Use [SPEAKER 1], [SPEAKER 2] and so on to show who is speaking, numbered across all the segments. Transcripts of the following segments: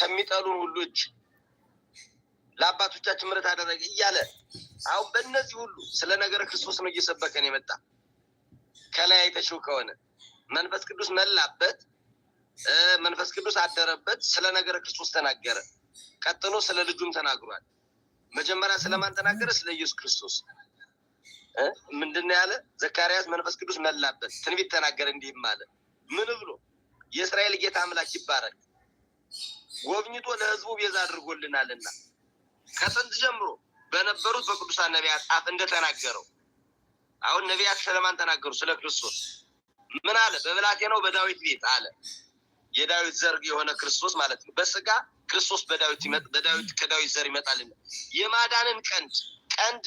[SPEAKER 1] ከሚጠሉን ሁሉ እጅ ለአባቶቻችን ምሕረት አደረገ እያለ አሁን በእነዚህ ሁሉ ስለ ነገረ ክርስቶስ ነው እየሰበከን የመጣ ከላይ አይተሽው ከሆነ መንፈስ ቅዱስ መላበት፣ መንፈስ ቅዱስ አደረበት። ስለ ነገረ ክርስቶስ ተናገረ። ቀጥሎ ስለ ልጁም ተናግሯል። መጀመሪያ ስለማን ተናገረ? ስለ ኢየሱስ ክርስቶስ። ምንድነው ያለ? ዘካርያስ መንፈስ ቅዱስ መላበት፣ ትንቢት ተናገረ። እንዲህም አለ። ምን ብሎ? የእስራኤል ጌታ አምላክ ይባረክ ጎብኝቶ ለህዝቡ ቤዛ አድርጎልናልና ከጥንት ጀምሮ በነበሩት በቅዱሳን ነቢያት አፍ እንደተናገረው አሁን ነቢያት ስለማን ተናገሩ? ስለ ክርስቶስ ምን አለ? በብላቴናው በዳዊት ቤት አለ። የዳዊት ዘር የሆነ ክርስቶስ ማለት ነው። በስጋ ክርስቶስ በዳዊት በዳዊት ከዳዊት ዘር ይመጣል የማዳንን ቀንድ ቀንድ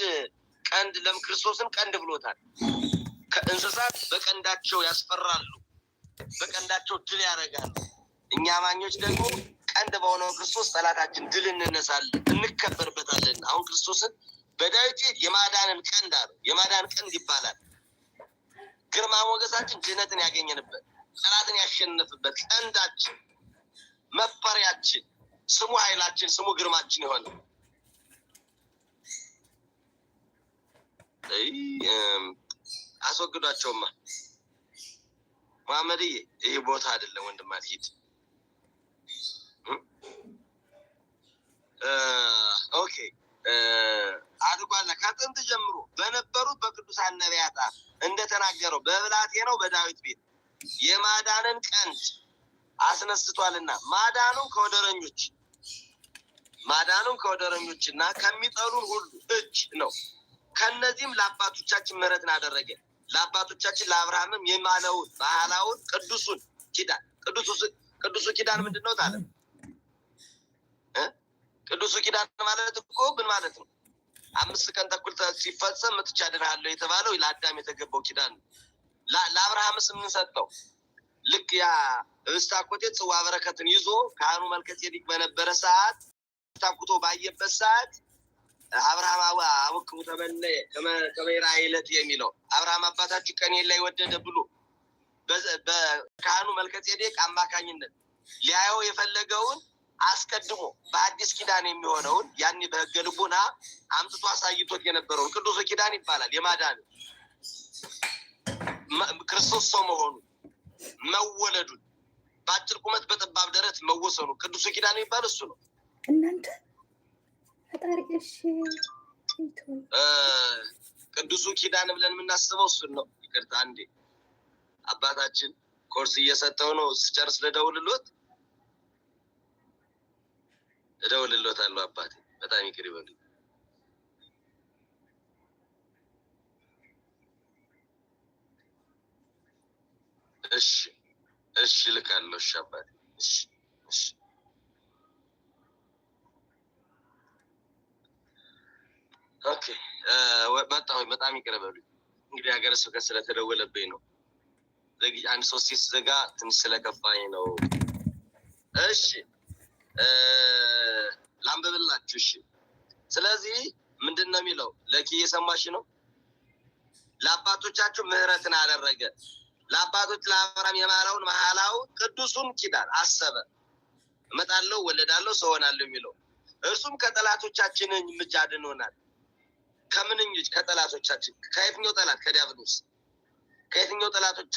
[SPEAKER 1] ቀንድ ለም ክርስቶስን ቀንድ ብሎታል። ከእንስሳት በቀንዳቸው ያስፈራሉ፣ በቀንዳቸው ድል ያደርጋሉ። እኛ አማኞች ደግሞ ቀንድ በሆነው ክርስቶስ ጠላታችን ድል እንነሳለን፣ እንከበርበታለን። አሁን ክርስቶስን በዳዊት የማዳንን ቀንድ አለ። የማዳን ቀንድ ይባላል። ግርማ ሞገሳችን ድህነትን ያገኘንበት፣ ጠላትን ያሸንፍበት፣ ቀንዳችን፣ መፈሪያችን፣ ስሙ ኃይላችን፣ ስሙ ግርማችን የሆነ አስወግዷቸውማ መሐመድዬ፣ ይህ ቦታ አይደለም ወንድም ሂድ። ኦኬ አድጓልና ከጥንት ጀምሮ በነበሩት በቅዱሳን ነቢያት እንደተናገረው በብላቴ ነው በዳዊት ቤት የማዳንን ቀንድ አስነስቷልና ማዳኑም ከወደረኞች ማዳኑም ከወደረኞች እና ከሚጠሉን ሁሉ እጅ ነው። ከነዚህም ለአባቶቻችን ምሕረትን አደረገ። ለአባቶቻችን ለአብርሃምም የማለውን ባህላውን ቅዱሱን ኪዳን ቅዱሱ ኪዳን ምንድን ነው ታለ ቅዱሱ ኪዳን ማለት እኮ ምን ማለት ነው? አምስት ቀን ተኩል ሲፈጸም ምትቻ ድናለሁ የተባለው ለአዳም የተገባው ኪዳን ነው። ለአብርሃምስ የምንሰጠው ልክ ያ እስታኮቴ ጽዋ በረከትን ይዞ ካህኑ መልከ ጼዴቅ በነበረ ሰዓት ኩቶ ባየበት ሰዓት አብርሃም አውክሙ ተመነ ከመራ አይለት የሚለው አብርሃም አባታችሁ ቀኔን ላይ ወደደ ብሎ በካህኑ መልከ ጼዴቅ አማካኝነት ሊያየው የፈለገውን አስቀድሞ በአዲስ ኪዳን የሚሆነውን ያኔ በሕገ ልቡና አምጥቶ አሳይቶት የነበረውን ቅዱሱ ኪዳን ይባላል። የማዳን ክርስቶስ ሰው መሆኑ መወለዱን፣ በአጭር ቁመት በጠባብ ደረት መወሰኑ ቅዱሱ ኪዳን የሚባል እሱ ነው።
[SPEAKER 2] እናንተ ፈጣሪ እሺ፣
[SPEAKER 1] ቅዱሱ ኪዳን ብለን የምናስበው እሱን ነው። ይቅርታ አንዴ አባታችን ኮርስ እየሰጠው ነው። ስጨርስ ልደውልልዎት። እደውልልዎታለሁ። አባቴ በጣም ይቅር ይበሉ። እሺ እሺ፣ እልካለሁ። እሺ አባቴ፣ እሺ እሺ። ኦኬ መጣሁ። በጣም ይቅር በሉኝ። እንግዲህ ሀገረ ስብከት ስለተደወለብኝ ነው። አንድ ሶስት ሲዘጋ ትንሽ ስለከፋኝ ነው። እሺ ላንብብላችሁ። እሺ። ስለዚህ ምንድን ነው የሚለው? ለኪ እየሰማሽ ነው። ለአባቶቻችሁ ምህረትን አደረገ። ለአባቶች ለአብርሃም የማለውን መሐላውን ቅዱሱን ኪዳን አሰበ። እመጣለሁ፣ ወለዳለሁ፣ ሰው ሆናለሁ የሚለው እርሱም ከጠላቶቻችን እጅ አድኖናል። ከምንኞች? ከጠላቶቻችን። ከየትኛው ጠላት? ከዲያብሎስ። ከየትኛው ጠላቶች